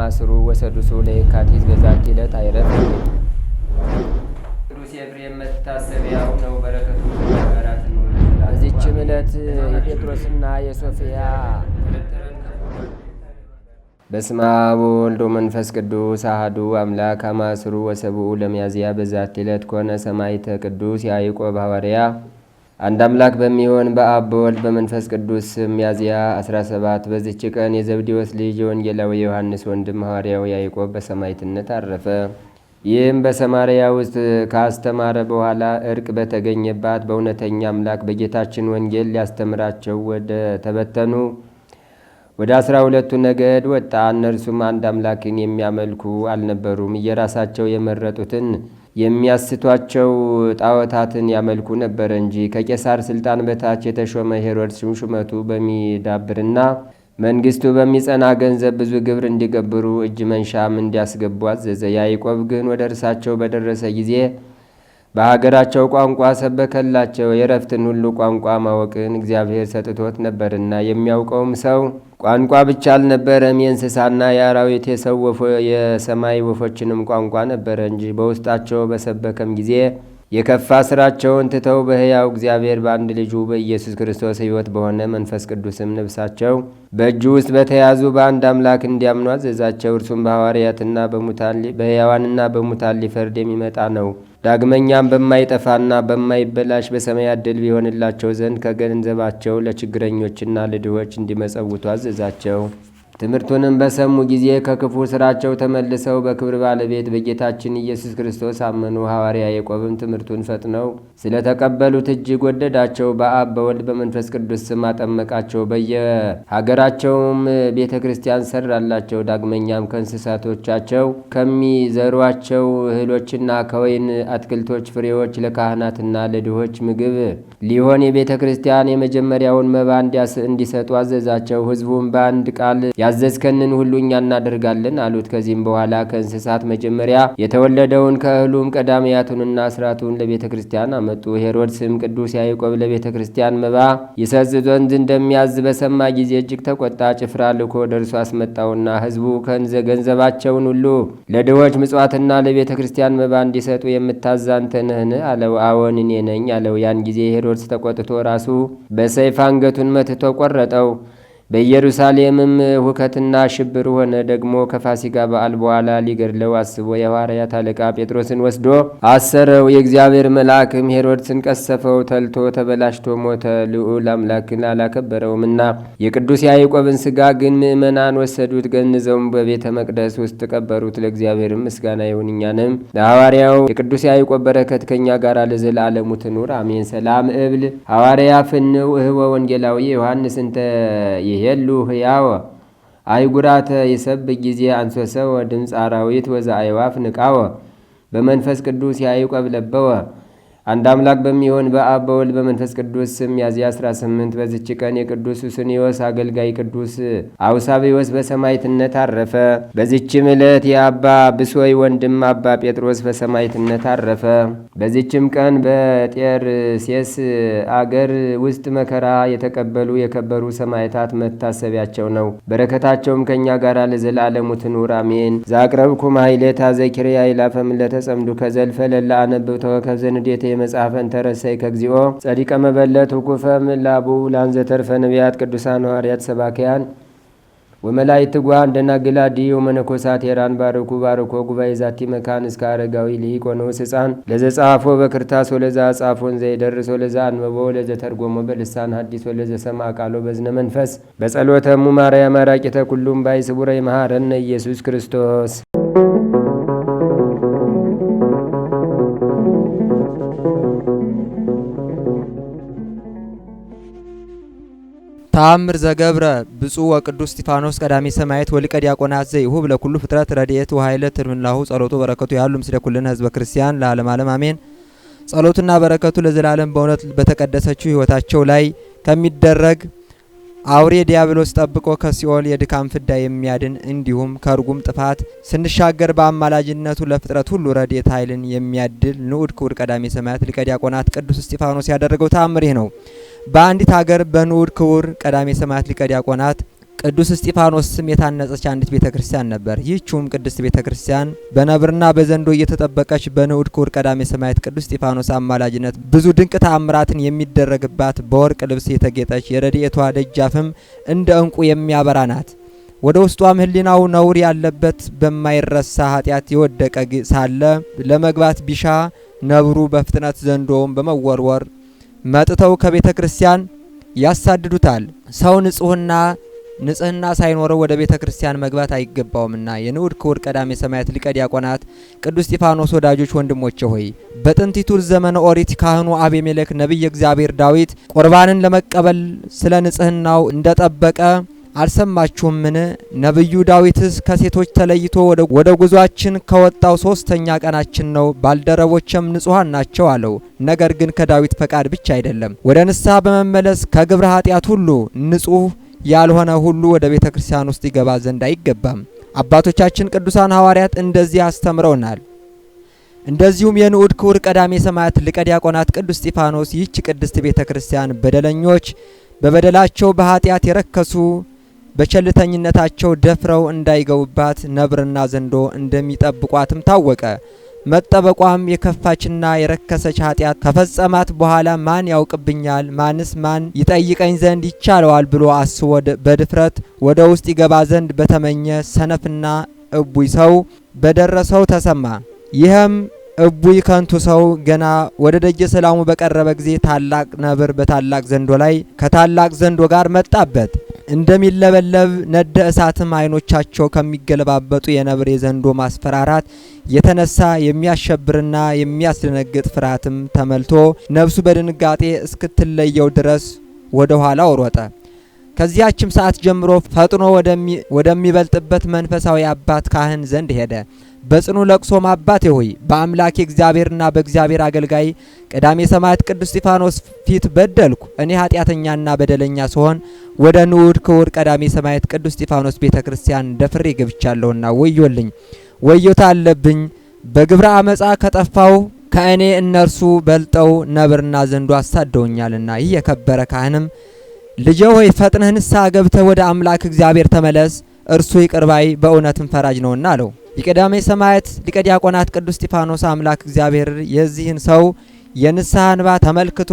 ማስሩ ወሰዱሱ ለየካቲት በዛቲ ዕለት አይረፍ። ቅዱስ ኤፍሬም መታሰቢያው ነው። በረከቱ ጋራት በዚችም ዕለት የጴጥሮስና የሶፊያ በስመ አብ ወወልድ ወመንፈስ ቅዱስ አሐዱ አምላክ አማስሩ ወሰብኡ ለሚያዝያ በዛቲ ዕለት ኮነ ሰማዕተ ቅዱስ ያዕቆብ ሐዋርያ አንድ አምላክ በሚሆን በአብ በወልድ በመንፈስ ቅዱስ ስም ሚያዝያ 17 በዚች ቀን የዘብዴዎስ ልጅ የወንጌላዊ ዮሐንስ ወንድም ሐዋርያው ያዕቆብ በሰማዕትነት አረፈ። ይህም በሰማርያ ውስጥ ካስተማረ በኋላ እርቅ በተገኘባት በእውነተኛ አምላክ በጌታችን ወንጌል ሊያስተምራቸው ወደ ተበተኑ ወደ አስራ ሁለቱ ነገድ ወጣ። እነርሱም አንድ አምላክን የሚያመልኩ አልነበሩም። እየራሳቸው የመረጡትን የሚያስቷቸው ጣዖታትን ያመልኩ ነበረ እንጂ ከቄሳር ስልጣን በታች የተሾመ ሄሮድስም ሹመቱ በሚዳብርና መንግስቱ በሚጸና ገንዘብ ብዙ ግብር እንዲገብሩ እጅ መንሻም እንዲያስገቡ አዘዘ። ያዕቆብ ግን ወደ እርሳቸው በደረሰ ጊዜ በሀገራቸው ቋንቋ ሰበከላቸው። የእረፍትን ሁሉ ቋንቋ ማወቅን እግዚአብሔር ሰጥቶት ነበርና የሚያውቀውም ሰው ቋንቋ ብቻ አልነበረም፣ የእንስሳና የአራዊት የሰው የሰማይ ወፎችንም ቋንቋ ነበረ እንጂ። በውስጣቸው በሰበከም ጊዜ የከፋ ስራቸውን ትተው በሕያው እግዚአብሔር በአንድ ልጁ በኢየሱስ ክርስቶስ ሕይወት በሆነ መንፈስ ቅዱስም ነብሳቸው። በእጁ ውስጥ በተያዙ በአንድ አምላክ እንዲያምኑ አዘዛቸው። እርሱም በሐዋርያትና በሕያዋንና በሙታን ሊፈርድ የሚመጣ ነው። ዳግመኛም በማይጠፋና በማይበላሽ በሰማያት ድል ቢሆንላቸው ዘንድ ከገንዘባቸው ለችግረኞችና ለድሆች እንዲመጸውቱ አዘዛቸው። ትምህርቱንም በሰሙ ጊዜ ከክፉ ስራቸው ተመልሰው በክብር ባለቤት በጌታችን ኢየሱስ ክርስቶስ አመኑ። ሐዋርያ ያዕቆብም ትምህርቱን ፈጥነው ስለተቀበሉት እጅግ ወደዳቸው። በአብ በወልድ በመንፈስ ቅዱስ ስም አጠመቃቸው። በየሀገራቸውም ቤተ ክርስቲያን ሰራላቸው። ዳግመኛም ከእንስሳቶቻቸው ከሚዘሯቸው እህሎችና ከወይን አትክልቶች ፍሬዎች ለካህናትና ለድሆች ምግብ ሊሆን የቤተ ክርስቲያን የመጀመሪያውን መባ እንዲሰጡ አዘዛቸው። ህዝቡም በአንድ ቃል ያዘዝከንን ሁሉ እኛ እናደርጋለን አሉት። ከዚህም በኋላ ከእንስሳት መጀመሪያ የተወለደውን ከእህሉም ቀዳሚያቱንና አስራቱን ለቤተ ክርስቲያን አመጡ። ሄሮድስም ቅዱስ ያዕቆብ ለቤተ ክርስቲያን መባ ይሰጥ ዘንድ እንደሚያዝ በሰማ ጊዜ እጅግ ተቆጣ። ጭፍራ ልኮ ደርሶ አስመጣውና አስመጣውና ከንዘ ገንዘባቸውን ሁሉ ለድሆች ምጽዋትና ለቤተ ክርስቲያን መባ እንዲሰጡ የምታዝ ነህን? አለው። አዎን እኔ ነኝ አለው። ያን ጊዜ ሄሮድስ ተቆጥቶ ራሱ በሰይፍ አንገቱን መትቶ ቆረጠው። በኢየሩሳሌምም ሁከትና ሽብር ሆነ። ደግሞ ከፋሲጋ በዓል በኋላ ሊገድለው አስቦ የሐዋርያት አለቃ ጴጥሮስን ወስዶ አሰረው። የእግዚአብሔር መልአክም ሄሮድስን ቀሰፈው፣ ተልቶ ተበላሽቶ ሞተ። ልዑል አምላክን አላከበረውምና የቅዱስ ያዕቆብን ስጋ ግን ምእመናን ወሰዱት፣ ገንዘውም በቤተ መቅደስ ውስጥ ቀበሩት። ለእግዚአብሔርም ምስጋና ይሁን፣ እኛንም ለሐዋርያው የቅዱስ ያዕቆብ በረከት ከእኛ ጋር ለዘላለሙ ትኑር አሜን። ሰላም እብል ሐዋርያ ፍንው እህወ ወንጌላዊ ዮሐንስ እንተ የሉ ህያወ አይጉራተ የሰብ ጊዜ አንሶሰወ ድምፅ አራዊት ወዘ አይዋፍ ንቃወ በመንፈስ ቅዱስ ያዕቆብ ለበወ አንድ አምላክ በሚሆን በአብ በወልድ በመንፈስ ቅዱስ ስም ሚያዝያ 18 በዚች ቀን የቅዱስ ሱስንዮስ አገልጋይ ቅዱስ አውሳብዮስ በሰማይትነት አረፈ። በዚችም ዕለት የአባ ብሶይ ወንድም አባ ጴጥሮስ በሰማይትነት አረፈ። በዚችም ቀን በጤርሴስ አገር ውስጥ መከራ የተቀበሉ የከበሩ ሰማይታት መታሰቢያቸው ነው። በረከታቸውም ከእኛ ጋር ለዘላለሙ ትኑር አሜን። ዛቅረብኩም ሀይሌታ ዘኪርያ ይላፈም ለተጸምዱ ከዘልፈ ለላ አነብብ ተወከብ መጽሐፈ ተረሳይ ከግዚኦ ጸዲቀ መበለት ውኩፈ ምላቡ ላንዘ ተርፈ ነቢያት ቅዱሳን ሐዋርያት ሰባክያን ወመላይት ጓን ደናግላ ድዮ መነኮሳት ሄራን ባርኩ ባርኮ ጉባኤ ዛቲ መካን እስከ አረጋዊ ልሂቅ ወንዑስ ሕፃን ለዘ ጻፎ በክርታስ ወለዛ ጻፎን ዘይደርስ ወለዛ አንበቦ ወለዘ ተርጎሞ በልሳን ሀዲስ ወለዘ ሰማ ቃሎ በዝነ መንፈስ በጸሎተሙ ማርያም አራቂተ ኩሉም ባይ ስቡረ ይመሃረነ ኢየሱስ ክርስቶስ ተአምር ዘገብረ ብፁዕ ወቅዱስ እስጢፋኖስ ቀዳሚ ሰማዕት ወሊቀ ዲያቆናት ዘይሁብ ለኩሉ ፍጥረት ረድኤት ወኃይለ ትርምላሁ ጸሎቱ በረከቱ ያሉ ምስለ ኩልነ ህዝበ ክርስቲያን ለዓለም ዓለም አሜን። ጸሎቱና በረከቱ ለዘላለም በእውነት በተቀደሰችው ህይወታቸው ላይ ከሚደረግ አውሬ ዲያብሎስ ጠብቆ ከሲኦል የድካም ፍዳ የሚያድን እንዲሁም ከርጉም ጥፋት ስንሻገር በአማላጅነቱ ለፍጥረት ሁሉ ረድኤት ኃይልን የሚያድል ንዑድ ክቡር ቀዳሚ ሰማዕት ሊቀ ዲያቆናት ቅዱስ እስጢፋኖስ ያደረገው ተአምር ይህ ነው። በአንዲት ሀገር በንዑድ ክቡር ቀዳሜ ሰማያት ሊቀ ዲያቆናት ቅዱስ እስጢፋኖስ ስም የታነጸች አንዲት ቤተ ክርስቲያን ነበር። ይህችውም ቅድስት ቤተ ክርስቲያን በነብርና በዘንዶ እየተጠበቀች በንዑድ ክቡር ቀዳሜ ሰማያት ቅዱስ እስጢፋኖስ አማላጅነት ብዙ ድንቅ ተአምራትን የሚደረግባት በወርቅ ልብስ የተጌጠች የረድኤቷ ደጃፍም እንደ እንቁ የሚያበራ ናት። ወደ ውስጧም ህሊናው ነውር ያለበት በማይረሳ ኃጢአት የወደቀ ሳለ ለመግባት ቢሻ ነብሩ በፍጥነት ዘንዶውን በመወርወር መጥተው ከቤተ ክርስቲያን ያሳድዱታል። ሰው ንጹህና ንጽህና ሳይኖረው ወደ ቤተ ክርስቲያን መግባት አይገባውምና የንዑድ ክቡር ቀዳሜ ሰማያት ሊቀ ዲያቆናት ቅዱስ እስጢፋኖስ ወዳጆች ወንድሞቼ ሆይ በጥንቲቱ ዘመነ ኦሪት ካህኑ አቤሜሌክ ነቢይ እግዚአብሔር ዳዊት ቁርባንን ለመቀበል ስለ ንጽህናው እንደጠበቀ አልሰማችሁምን? ነቢዩ ዳዊትስ ከሴቶች ተለይቶ ወደ ጉዟችን ከወጣው ሶስተኛ ቀናችን ነው፣ ባልደረቦችም ንጹሐን ናቸው አለው። ነገር ግን ከዳዊት ፈቃድ ብቻ አይደለም፣ ወደ ንስሐ በመመለስ ከግብረ ኃጢአት ሁሉ ንጹሕ ያልሆነ ሁሉ ወደ ቤተ ክርስቲያን ውስጥ ይገባ ዘንድ አይገባም። አባቶቻችን ቅዱሳን ሐዋርያት እንደዚህ አስተምረውናል። እንደዚሁም የንዑድ ክቡር ቀዳሜ ሰማያት ሊቀ ዲያቆናት ቅዱስ እስጢፋኖስ ይህች ቅድስት ቤተ ክርስቲያን በደለኞች በበደላቸው በኃጢአት የረከሱ በቸልተኝነታቸው ደፍረው እንዳይገቡባት ነብርና ዘንዶ እንደሚጠብቋትም ታወቀ። መጠበቋም የከፋችና የረከሰች ኃጢአት ከፈጸማት በኋላ ማን ያውቅብኛል፣ ማንስ ማን ይጠይቀኝ ዘንድ ይቻለዋል ብሎ አስቦ በድፍረት ወደ ውስጥ ይገባ ዘንድ በተመኘ ሰነፍና እቡይ ሰው በደረሰው ተሰማ። ይህም እቡይ ከንቱ ሰው ገና ወደ ደጀ ሰላሙ በቀረበ ጊዜ ታላቅ ነብር በታላቅ ዘንዶ ላይ ከታላቅ ዘንዶ ጋር መጣበት። እንደሚለበለብ ነደ እሳትም አይኖቻቸው ከሚገለባበጡ የነብር የዘንዶ ማስፈራራት የተነሳ የሚያሸብርና የሚያስደነግጥ ፍርሃትም ተመልቶ ነብሱ በድንጋጤ እስክትለየው ድረስ ወደ ኋላ ወሮጠ። ከዚያችም ሰዓት ጀምሮ ፈጥኖ ወደሚበልጥበት መንፈሳዊ አባት ካህን ዘንድ ሄደ። በጽኑ ለቅሶም አባቴ ሆይ በአምላኬ እግዚአብሔርና በእግዚአብሔር አገልጋይ ቀዳሜ ሰማዕት ቅዱስ እስጢፋኖስ ፊት በደልኩ እኔ ኃጢአተኛና በደለኛ ስሆን ወደ ንዑድ ክቡር ቀዳሜ ሰማዕት ቅዱስ እስጢፋኖስ ቤተ ክርስቲያን ደፍሬ ገብቻለሁና ወዮልኝ፣ ወዮታ አለብኝ። በግብረ አመፃ ከጠፋው ከእኔ እነርሱ በልጠው ነብርና ዘንዶ አሳደውኛልና። ይህ የከበረ ካህንም ልጄ ሆይ ፈጥነህ ንስሐ ገብተህ ወደ አምላክ እግዚአብሔር ተመለስ፣ እርሱ ይቅር በእውነትም ፈራጅ ነውና አለው። የቀዳሜ ሰማዕት ሊቀ ዲያቆናት ቅዱስ እስጢፋኖስ አምላክ እግዚአብሔር የዚህን ሰው የንስሐ እንባ ተመልክቶ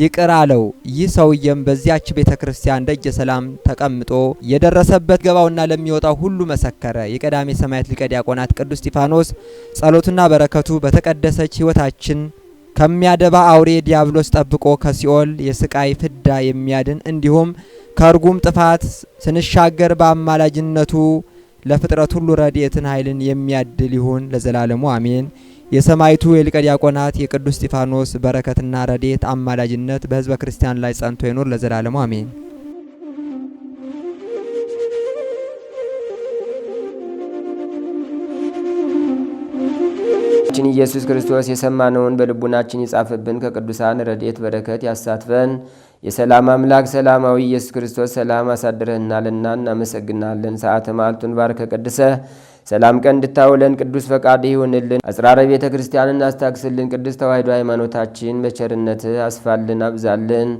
ይቅር አለው። ይህ ሰውዬም በዚያች ቤተ ክርስቲያን ደጀ ሰላም ተቀምጦ የደረሰበት ገባውና ለሚወጣው ሁሉ መሰከረ። የቀዳሜ ሰማያት ሊቀ ዲያቆናት ቅዱስ እስጢፋኖስ ጸሎቱና በረከቱ በተቀደሰች ሕይወታችን ከሚያደባ አውሬ ዲያብሎስ ጠብቆ ከሲኦል የስቃይ ፍዳ የሚያድን እንዲሁም ከእርጉም ጥፋት ስንሻገር በአማላጅነቱ ለፍጥረት ሁሉ ረድኤትን ኃይልን የሚያድል ይሁን ለዘላለሙ አሜን። የሰማይቱ የሊቀ ዲያቆናት የቅዱስ እስጢፋኖስ በረከትና ረዴት አማላጅነት በሕዝበ ክርስቲያን ላይ ጸንቶ ይኖር ለዘላለሙ አሜን። ችን ኢየሱስ ክርስቶስ የሰማነውን በልቡናችን ይጻፍብን፣ ከቅዱሳን ረድኤት በረከት ያሳትፈን። የሰላም አምላክ ሰላማዊ ኢየሱስ ክርስቶስ ሰላም አሳድረህናልና እናመሰግናለን። ሰዓተ ማልቱን ባርከ ቀድሰ ሰላም ቀን እንድታውለን ቅዱስ ፈቃድ ይሁንልን። አጽራረ ቤተ ክርስቲያን እናስታክስልን። ቅዱስ ተዋሕዶ ሃይማኖታችን መቸርነት አስፋልን፣ አብዛልን።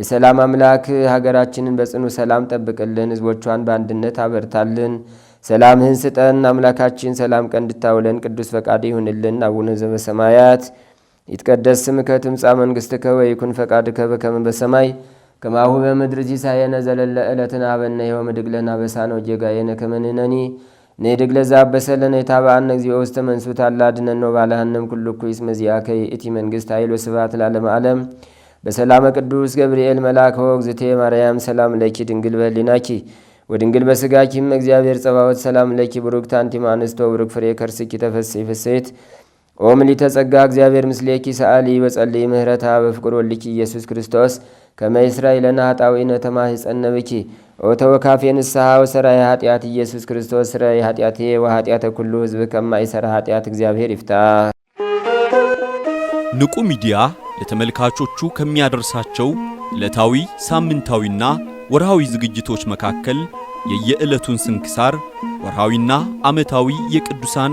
የሰላም አምላክ ሀገራችንን በጽኑ ሰላም ጠብቅልን፣ ህዝቦቿን በአንድነት አበርታልን። ሰላምህን ስጠን አምላካችን። ሰላም ቀን እንድታውለን ቅዱስ ፈቃድ ይሁንልን። አቡነ ዘበሰማያት ይትቀደስ ስምከ ትምጻእ መንግሥትከ ወይኩን ፈቃድከ በከመ በሰማይ ከማሁ በምድር ሲሳየነ ዘለለ ዕለትነ ሀበነ ዮም ወኅድግ ለነ አበሳነ ወጌጋየነ ከመ ንሕነኒ ንድግ ለዛብ በሰለነ የታብአነ እግዚኦ ውስተ ታላድነ አላድነኖ ባለሃንም ኩሉ ኩይስ እስመ እቲ ይእቲ መንግሥት ስባት ላለም ለዓለመ ዓለም። በሰላመ ቅዱስ ገብርኤል መልአክ ወግዝቴ ማርያም ሰላም ለኪ ድንግል በህሊናኪ ወድንግል በስጋኪም እግዚአብሔር ጸባዖት ሰላም ለኪ ብሩክት አንቲ እምአንስቶ ብሩክ ፍሬ ከርስኪ ተፈሥሒ ፍሥሕት ኦም ሊተጸጋ እግዚአብሔር ምስሌኪ ሰአሊ በጸልይ ምህረታ በፍቅር ወልኪ ኢየሱስ ክርስቶስ ከመይ ከመ ይስራይ ነተማ ይጸነብኪ ተማኅፀነብኪ ኦተወካፌ ንስሓ ወሰራይ ኃጢአት ኢየሱስ ክርስቶስ ስራይ ኃጢአቴ ወኃጢአተ ኩሉ ሕዝብ ከማይሰራ ኃጢአት እግዚአብሔር ይፍታ። ንቁ ሚዲያ ለተመልካቾቹ ከሚያደርሳቸው ዕለታዊ ሳምንታዊና ወርሃዊ ዝግጅቶች መካከል የየዕለቱን ስንክሳር ወርሃዊና ዓመታዊ የቅዱሳን